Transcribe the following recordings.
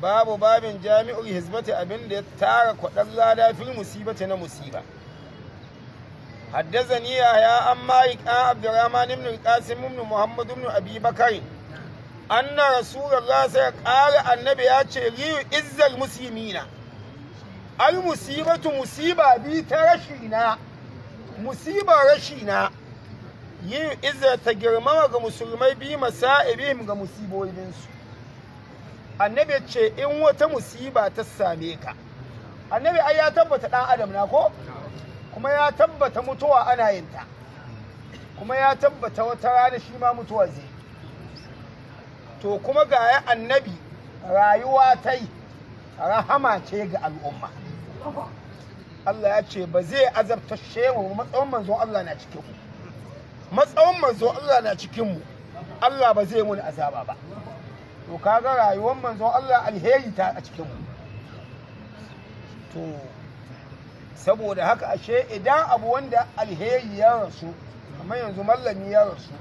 babu babin jami'un hizbati abinda ya tara kwadan lada fil musibati na musiba haddazani ya ya an malik an abdurrahman ibn qasim ibn muhammad ibn abi bakari anna rasulullah sai qala annabi ya ce li izzal muslimina al musibatu musiba bi tarashina musiba rashina yi izza ta girmama ga musulmai bi masa'ibihim ga musibobinsu annabi ce in wata musiba ta same ka annabi ai ya tabbata dan adam na ko kuma ya tabbata mutuwa ana yin ta kuma ya tabbata wata rana shi ma mutuwa zai to kuma ga annabi rayuwa ta yi rahama ce ga al'umma Allah ya ce ba zai azabta shehu matsawon manzo Allah na cikin mu matsawon manzo Allah na cikin mu Allah ba zai mun azaba ba to kaga rayuwar manzon Allah alheri ta a cikin mu to saboda haka ashe idan abu wanda alheri ya rasu kamar yanzu mallami ya rasu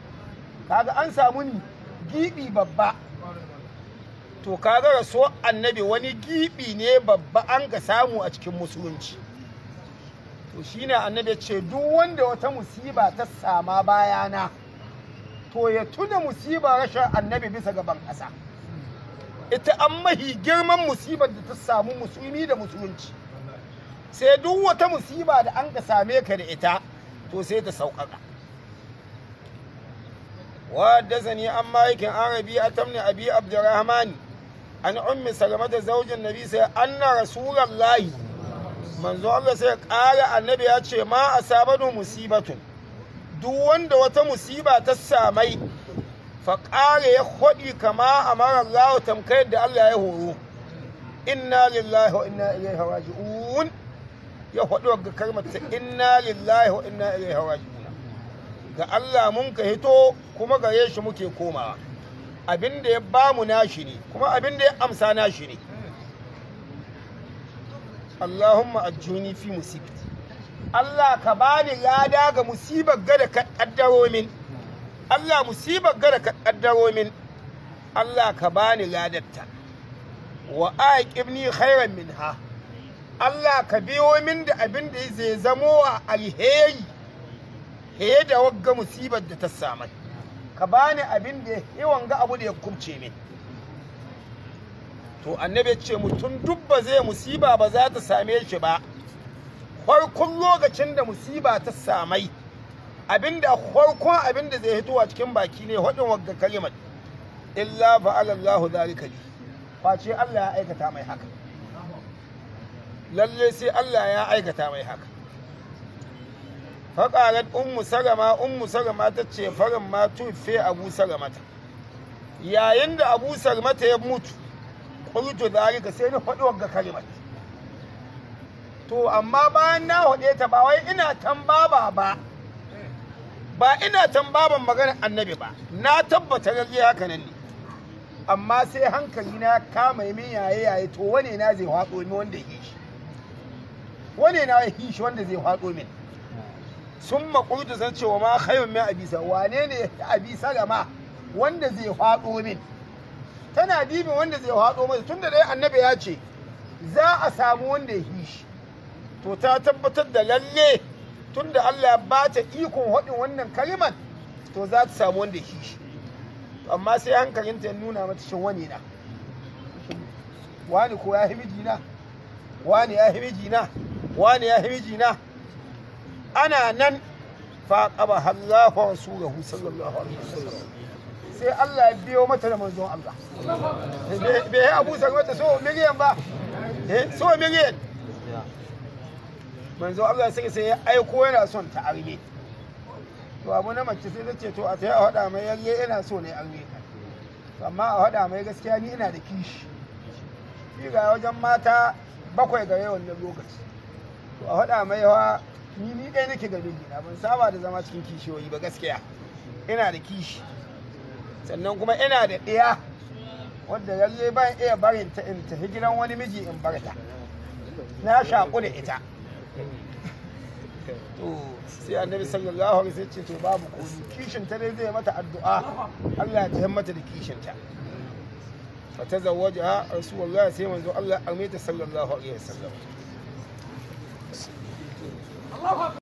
kaga an samu ni gibi babba to kaga rasu annabi wani gibi ne babba an ga samu a cikin musulunci to shine annabi ya ce duk wanda wata musiba ta sama bayana to ya tuna musiba rashin annabi bisa gaban ƙasa. ita an mahi girman musibar da ta samu musulmi da musulunci sai duk wata musiba da an ka same ka da ita to sai ta sauƙaƙa wadda zani an malikin arabi a tamni abi abdurrahman an ummi salama da zaujin nabi sai anna rasulallahi manzo Allah sai ƙara annabi ya ce ma a asabanu musibatun duk wanda wata musiba ta samai faƙare ya hodi kama amara Allah tamkar da Allah ya horo inna lillahi wa inna ilaihi raji'un ya hodi wa karmata inna lillahi wa inna ilaihi raji'un ga Allah mun ka hito kuma gare shi muke komawa abin da ya bamu nashi ne kuma abin da ya amsa nashi ne Allahumma ajjuni fi musibati Allah ka bani lada ga musibar gada ka kaddaro Allah musibar gara ka kaddaro min Allah ka bani ladarta wa aqibni khairan minha Allah ka biyo min da abin da zai zamo wa alheri he da wagga musibar da ta samu ka bani abin da ya wanga abu da ya kubce min to annabi ya ce mutum duk ba zai musiba ba za ta same shi ba farkon lokacin da musiba ta samai abinda farkon abinda zai a cikin baki ne hudin wagga kalimar illa fa'ala Allahu zalika bi face Allah ya aikata mai haka lalle sai Allah ya aikata mai haka faƙarar ummu sarama ummu sarama ta ce farin ma tufe abu mata. yayin da abu mata ya mutu ƙultu zalika sai na faɗi ga kalimar to amma bayan na haɗe ta ba wai ina tambaba ba ba ina tambaban maganar annabi ba na tabbata gaske haka nan ne amma sai hankali na kama min yaye yaye to wane na zai hwatso min wanda ya shi wane na yake shi wanda zai hwatso min sun makultu san cewa ma khayun min abisa wane ne abisa ga ma wanda zai hwatso min tana dibin wanda zai hwatso min tunda dai annabi ya ce za a samu wanda ya shi to ta tabbatar da lalle tunda Allah ba ta ikon haɗin wannan kaliman to za ta samu wanda shi shi amma sai hankalinta ya nuna mata shin wani na wani ko ya hi mijina wani ya hi mijina wani ya hi mijina ana nan fa qaba Allahu wa rasuluhu sallallahu alaihi wasallam sai Allah ya biyo mata da manzon Allah eh, bai Abu Sa'id mata so miliyan ba eh so miliyan manzo Allah sai sai ya aiko yana son ta arge to abu na mace sai zace to a sai a haɗa mai yarye ina so ne arge ka To amma a haɗa mai gaskiya ni ina da kishi shi ga wajen mata bakwai gare wannan lokaci to a haɗa mai yawa ni ni ɗaya nake ga na ban saba da zama cikin kishiyoyi ba gaskiya ina da kishi sannan kuma ina da ɗaya wadda lalle ban iya barinta in tafi gidan wani miji in barta na shaƙu da ita to sai annabi sallallahu alaihi wasallam ce to babu ko kishin ta dai zai mata addu'a Allah ya mata da kishin ta fa tazawwaja rasulullahi sai manzo Allah ya ta sallallahu alaihi wasallam